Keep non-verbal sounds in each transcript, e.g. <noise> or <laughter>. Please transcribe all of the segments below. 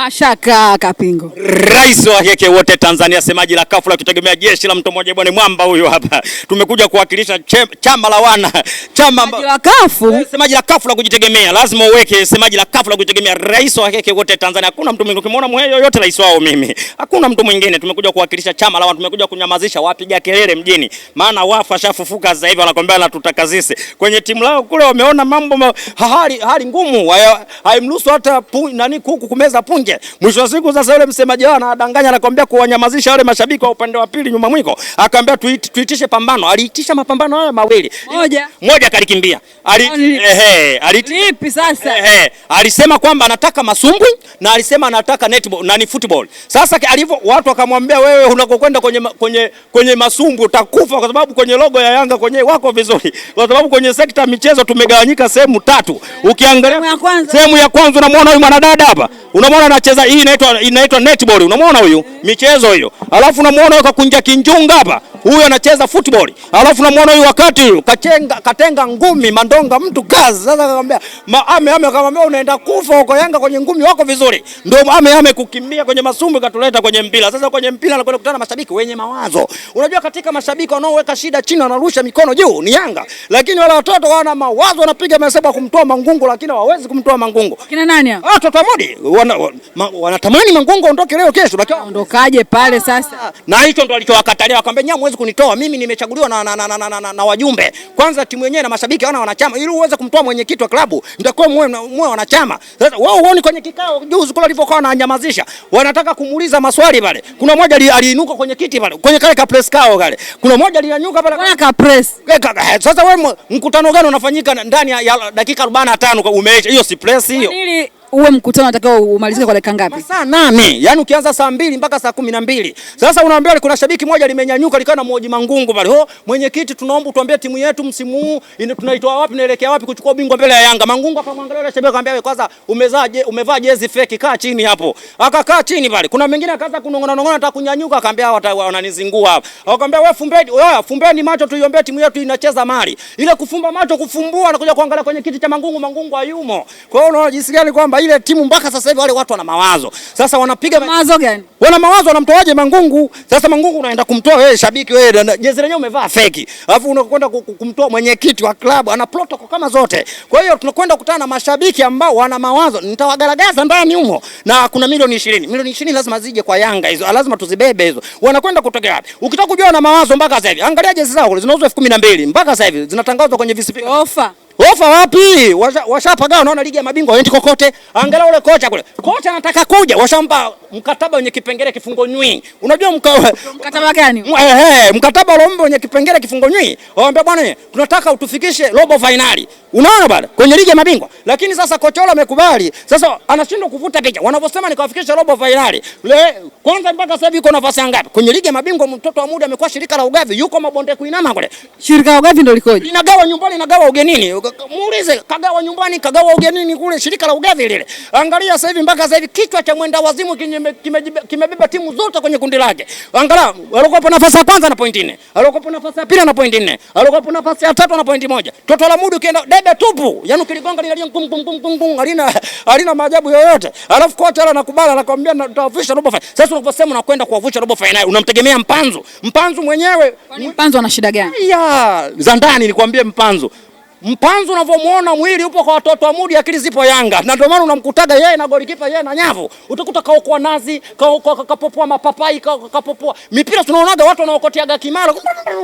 Mashaka Kapingo, rais wa keke wote Tanzania, semaji la kafu la kutegemea jeshi la mtu mmoja, bwana mwamba huyu hapa. Tumekuja kuwakilisha chama la wana chama la kafu, eh, semaji la kafu la kujitegemea, lazima uweke semaji la kafu la kujitegemea, rais wa keke wote Tanzania. Hakuna mtu mwingine, ukimwona mwe yoyote rais wao mimi, hakuna mtu mwingine. Tumekuja kuwakilisha chama la wana, tumekuja kunyamazisha wapiga kelele mjini, maana wafu ashafufuka sasa hivi, wanakwambia na tutakazise kwenye timu lao kule. Wameona mambo hali, hali ngumu, haimruhusu hata pu, nani kuku kumeza punje yake. Mwisho wa siku sasa yule msemaji wao anadanganya, anakuambia kuwanyamazisha wale mashabiki wa upande wa pili nyuma mwiko, akaambia tuitishe pambano. Aliitisha mapambano haya mawili, moja moja kalikimbia. Ali ehe, ali, alilipi sasa ehe, alisema kwamba anataka masumbwi na alisema anataka netball na ni football. Sasa alivyo watu wakamwambia, wewe unakokwenda kwenye kwenye kwenye masumbwi utakufa, kwa sababu kwenye logo ya Yanga kwenye wako vizuri, kwa sababu kwenye sekta ya michezo tumegawanyika sehemu tatu. Ukiangalia sehemu ya kwanza, unamwona huyu mwanadada hapa, unamwona na anacheza hii inaitwa inaitwa netball, unamwona huyu michezo hiyo, alafu unamwona kakunja kinjunga hapa huyu anacheza football, alafu namwona huyu wakati kachenga, katenga ngumi mandonga mtu kazi. Sasa akamwambia ame ame, akamwambia unaenda kufa huko Yanga kwenye ngumi wako vizuri, ndio ame ame kukimbia kwenye masumbu katuleta kwenye mpira. Sasa kwenye mpira anakwenda kukutana na mashabiki wenye mawazo. Unajua katika mashabiki wanaoweka shida chini wanarusha mikono juu ni Yanga, lakini wale watoto wana mawazo, wanapiga mahesabu ya kumtoa Mangungu, lakini hawawezi kumtoa Mangungu. Kina nani hao? Ah, Toto Amudi wanatamani Mangungu aondoke leo kesho, lakini aondokaje pale sasa? Na hicho ndo alichowakatalia, akamwambia nyamwe huwezi kunitoa mimi, nimechaguliwa na, na, na, na, na, na, na wajumbe. Kwanza timu yenyewe na mashabiki hawana wanachama, ili uweze kumtoa mwenyekiti wa klabu nitakuwa mwe, mwe wanachama. Sasa wao huoni kwenye kikao juzi kule walivyokuwa wananyamazisha, wanataka kumuuliza maswali pale. Kuna mmoja aliinuka kwenye kiti pale kwenye kale ka press kao kale, kuna mmoja alinyanyuka pale kwenye ka press. Eh, sasa wewe mkutano gani unafanyika ndani ya dakika 45? Umeisha hiyo si press hiyo uwe mkutano unatakiwa umalizike kwa dakika ngapi? Saa nane. Yaani ukianza saa mbili mpaka saa kumi na mbili. Sasa unaambiwa kuna shabiki moja limenyanyuka likawa na moji mangungu pale. Oh, mwenyekiti tunaomba utuambie timu yetu msimu huu tunaitoa wapi naelekea wapi kuchukua ubingwa mbele ya Yanga. Mangungu akamwangalia yule shabiki akamwambia kwanza umezaje umevaa jezi fake kaa chini hapo. Akakaa chini pale. Kuna mwingine akaanza kunong'ona nong'ona hata kunyanyuka akamwambia wananizingua hapa. Akamwambia wewe fumbeni, wewe fumbeni macho tuiombee timu yetu inacheza mali. Ile kufumba macho kufumbua anakuja kuangalia kwenye kiti cha Mangungu, Mangungu hayumo. Kwa hiyo unaona jinsi gani kwamba ile timu mpaka sasa hivi wale watu wana mawazo. Sasa wanapiga mawazo gani? Wana mawazo wanamtoaje Mangungu? Sasa Mangungu unaenda kumtoa wewe shabiki wewe, na jezi lenyewe umevaa feki. Alafu unakwenda kumtoa mwenyekiti wa klabu ana protocol kama zote. Kwa hiyo tunakwenda kukutana na mashabiki ambao wana mawazo, nitawagaragaza ndani humo. Na kuna milioni 20. Milioni 20 lazima zije kwa Yanga hizo. Lazima tuzibebe hizo. Wanakwenda kutokea wapi? Ukitaka kujua na mawazo mpaka sasa hivi. Angalia jezi zao zinauzwa elfu mpaka sasa hivi zinatangazwa kwenye visipi. Ofa. Ofa wapi? Washapagawa naona ligi ya mabingwa haendi kokote. Angalau ule kocha kule. Kocha anataka kuja, washampa mkataba wenye kipengele kifungo nywi. Unajua mka, mkataba gani? Eh, mkataba ule wenye kipengele kifungo nywi. Waambia bwana, tunataka utufikishe robo finali. Unaona bwana, kwenye ligi ya mabingwa. Lakini sasa kocha ule amekubali. Sasa anashindwa kuvuta picha. Wanavyosema ni kuwafikisha robo finali. Le, kwanza mpaka sasa hivi uko nafasi ngapi? Kwenye ligi ya mabingwa mtoto wa muda amekuwa shirika la ugavi, yuko mabonde kuinama kule. Shirika la ugavi ndio likoje? Inagawa nyumbani, inagawa ugenini. Uga, muulize kagawa nyumbani, kagawa ugenini kule, shirika la ugavi lile. Angalia sasa hivi, mpaka sasa hivi kichwa cha mwenda wazimu kimebeba timu zote kwenye kundi lake. Angalau alikuwa nafasi ya kwanza na pointi nne, alikuwa nafasi ya pili na pointi nne, alikuwa nafasi ya tatu na pointi moja. Toto la mudu kienda debe tupu, yani ukiligonga lile kum kum kum kum, alina alina maajabu yoyote. Alafu kocha ana nakubala anakuambia nitawavusha robo finali. Sasa unaposema unakwenda kuwavusha robo finali, unamtegemea mpanzu mpanzu mwenyewe. Kwani mpanzu ana shida gani? Ya za ndani nikwambie, mpanzu Mpanzu unavyomuona mwili upo kwa watoto wa Mudi, akili zipo Yanga, na ndio maana unamkutaga yeye na golikipa yeye na nyavu, utakuta kaokoa nazi, kapopoa mapapai, kapopoa mipira. Tunaonaga watu wanaokoteaga kimara,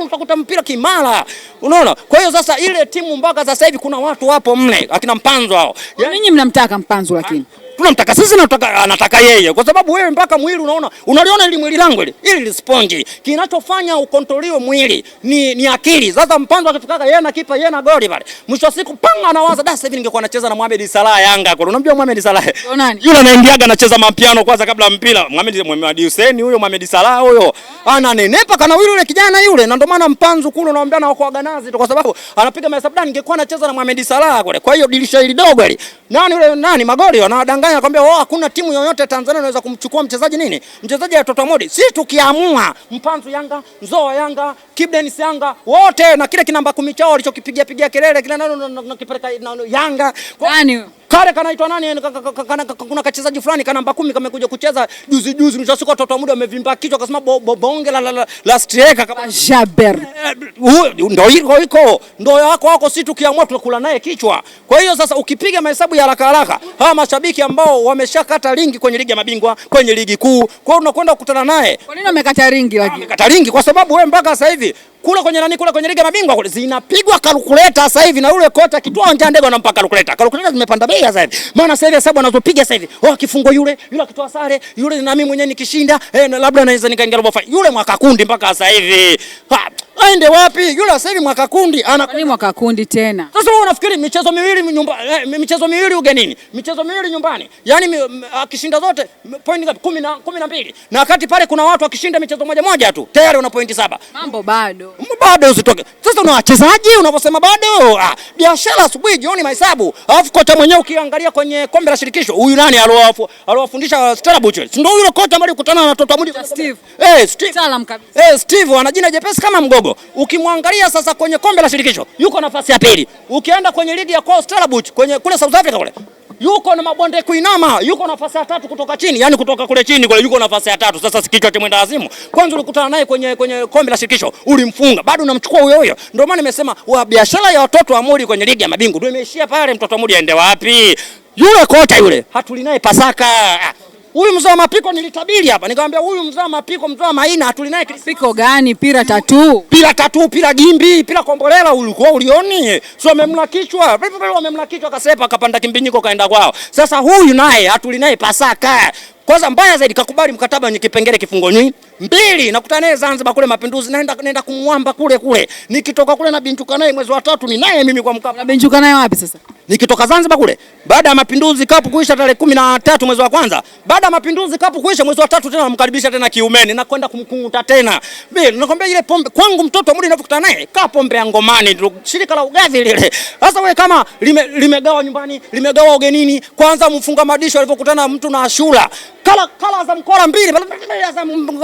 utakuta mpira kimara, unaona. Kwa hiyo sasa ile timu mpaka sasa hivi kuna watu wapo mle akina Mpanzu hao, ninyi mnamtaka Mpanzu lakini ha? tunamtaka sisi na anataka yeye, kwa sababu wewe mpaka mwili unaona, unaliona ili mwili langu ili ili ni sponge. Kinachofanya ukontrolio mwili ni, ni akili. Sasa mpanzo akitokaka yeye na kipa yeye na goli pale, mwisho wa siku panga anawaza da, sasa hivi ningekuwa nacheza na Mohamed Salah Yanga kwa unamjua Mohamed Salah nani yule anaingiaga anacheza mapiano kwanza kabla mpira. Mohamed Mohamed Hussein huyo Mohamed Salah huyo ana nenepa kana yule kijana yule, na ndio maana mpanzu kule unaomba na kwa ganazi kwa sababu anapiga mahesabu da, ningekuwa nacheza na Mohamed Salah kule. Kwa hiyo dirisha hili dogo hili nani yule nani magoli wanawadanga ndani anakuambia wao, oh, hakuna timu yoyote Tanzania inaweza kumchukua mchezaji nini, mchezaji ya Toto Modi. Sisi tukiamua Mpanzu Yanga, Nzoa Yanga, Kibden Yanga wote na kile kinamba kumi chao walichokipigia pigia kelele kile nalo nakipeleka Yanga kwa... Kale kanaitwa nani? Yaani kuna kachezaji fulani kana namba 10 kamekuja kucheza juzi juzi, watoto wa muda amevimba kichwa akasema bonge la la striker kama Jaber. Eh, ndio hiyo iko ndio yako wako, si tukiamua tunakula naye kichwa. Kwa hiyo sasa ukipiga mahesabu ya haraka haraka, hawa mashabiki ambao wameshakata ringi kwenye ligi ya mabingwa, kwenye ligi kuu, kwa hiyo unakwenda kukutana naye. Kwa nini amekata ringi lakini? Amekata ringi kwa sababu wewe mpaka sasa hivi kule kwenye nani, kule kwenye liga mabingwa kule zinapigwa kalkuleta sasa hivi, na ule kota kitwaa nje ndege anampa kalkuleta. Kalkuleta zimepanda bei sasa hivi, maana sasa hivi hesabu anazopiga sasa hivi, oh, kifungo yule yule, akitoa sare yule, na mimi mwenyewe nikishinda, eh, labda naweza nikaingia robo finali yule mwaka kundi mpaka sasa hivi ha aende wapi? Yule sasa mwaka kundi ana mwaka kundi tena. Sasa wewe unafikiri michezo miwili nyumbani, eh, michezo miwili ugenini, michezo miwili nyumbani, yaani akishinda zote point ngapi? kumi na kumi na mbili, na wakati pale kuna watu akishinda michezo moja moja tu tayari una point saba. Mambo bado bado usitoke sasa. Una wachezaji unaposema bado ah, biashara asubuhi jioni mahesabu, alafu kocha mwenyewe ukiangalia kwenye kombe la shirikisho, huyu nani alowafu alowafundisha Stella Butcher, ndio yule kocha ambaye alikutana na watoto wa Amudi Steve, eh Steve, Salam kabisa, eh Steve ana jina jepesi kama mgogo kidogo. Ukimwangalia sasa kwenye kombe la shirikisho yuko nafasi ya pili, ukienda kwenye ligi ya Stellenbosch kwenye kule South Africa kule yuko na mabonde kuinama, yuko nafasi ya tatu kutoka chini, yani kutoka kule chini kule yuko nafasi ya tatu. Sasa sikicho cha mwenda azimu, kwanza ulikutana naye kwenye kwenye kombe la shirikisho ulimfunga, bado unamchukua huyo huyo. Ndio maana nimesema wa biashara ya watoto wa Muri kwenye ligi ya mabingu ndio imeishia pale. Mtoto wa Muri aende wapi? Yule kota yule hatulinaye pasaka huyu mzee wa mapiko nilitabiri hapa, nikamwambia huyu mzee wa mapiko, mzee wa maina naye mapiko gani? Pira tatu, pira tatu, pira gimbi, pira kombolela. Ulikuwa ulioni? Sio amemla kichwa vipi? Vile amemla kichwa, kasepa akapanda kimbinyiko kaenda kwao. Sasa huyu naye hatulinaye pasaka. Kwanza mbaya zaidi, kakubali mkataba wenye kipengele kifungo nyi Mbili nakutana naye Zanzibar kule Mapinduzi, naenda naenda kumwamba kule kule. Nikitoka kule na bintuka naye mwezi wa tatu ni naye mimi kwa Mkapa. Na bintuka naye wapi sasa? Nikitoka Zanzibar kule baada ya Mapinduzi Cup kuisha tarehe kumi na tatu mwezi wa kwanza, baada ya Mapinduzi Cup kuisha mwezi wa tatu tena namkaribisha tena kiumeni na kwenda kumkunguta tena. Mimi nakwambia ile pombe kwangu mtoto mudi ninapokutana naye ka pombe ya ngomani, shirika la ugavi lile. Sasa wewe kama limegawa lime nyumbani, limegawa ugenini, kwanza mfunga madisho alivyokutana mtu na Ashura kala kala za mkola mbili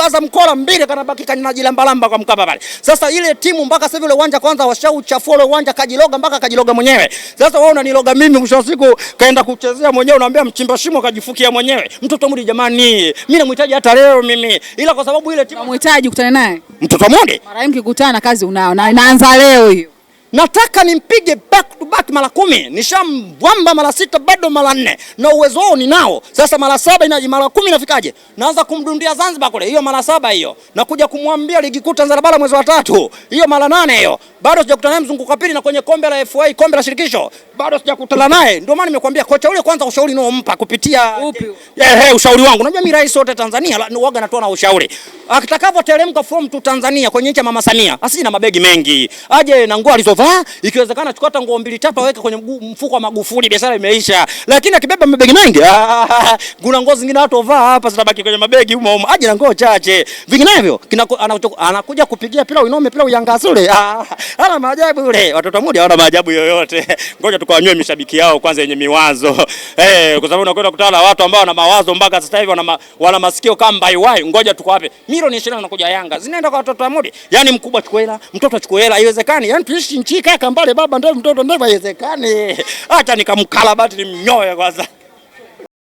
za mkola mbili kanabaki kana jilamba kwa Mkapa pale. Sasa ile timu mpaka sasa ile uwanja kwanza washauchafua ile uwanja kajiloga mpaka kajiloga mwenyewe. Sasa wewe unaniloga mimi mwisho wa siku kaenda kuchezea mwenyewe unaambia mchimba shimo kajifukia mwenyewe. Mtoto mudi jamani, mimi namhitaji hata leo mimi. Ila kwa sababu ile timu namhitaji kukutana naye. Mtoto mudi. Mara mkikutana kazi unao na inaanza leo hiyo nataka nimpige back to back mara kumi, nishamwamba mara sita, bado mara nne, na uwezo wao ninao. Sasa mara saba inaje? Mara kumi inafikaje? Naanza kumdundia Zanzibar kule, hiyo mara saba hiyo, na kuja kumwambia ligi kuu Tanzania bara mwezi wa tatu, hiyo mara nane hiyo, bado sijakutana naye mzunguko wa pili, na kwenye kombe la FA, kombe la shirikisho bado sijakutana naye, ndio maana nimekwambia kocha ule, kwanza ushauri unaompa kupitia upi? Eh, hey, eh, ushauri wangu, unajua mimi rais wote Tanzania waga natoa na ushauri, atakavyoteremka from tu Tanzania kwenye nchi ya mama Samia, asije na mabegi mengi, aje na nguo alizovaa, ikiwezekana achukua hata nguo mbili tatu aweke kwenye mfuko wa Magufuli, biashara imeisha. Lakini akibeba mabegi mengi, ah, ah, ah, kuna nguo zingine watu wavaa hapa zitabaki kwenye mabegi humo humo, aje na nguo chache, vinginevyo anakuja kupigia pilau inome pilau yangasule. Ana maajabu yule, watoto wa mudi hawana maajabu yoyote. <laughs> Ngoja tu wanyoe mishabiki yao kwanza yenye miwazo hey, <laughs> eh, kwa sababu unakwenda kutana watu ambao wana mawazo mpaka sasa hivi wana, ma, wana masikio kama why. Ngoja tukawape milioni 20 zinakuja Yanga zinaenda kwa watoto wa Mudi, yani mkubwa chukua hela, mtoto chukua hela, haiwezekani. Yani tuishi nchi kaka mbale, baba ndio mtoto ndio, haiwezekani. <laughs> Acha nikamkalabati nimnyoe kwanza.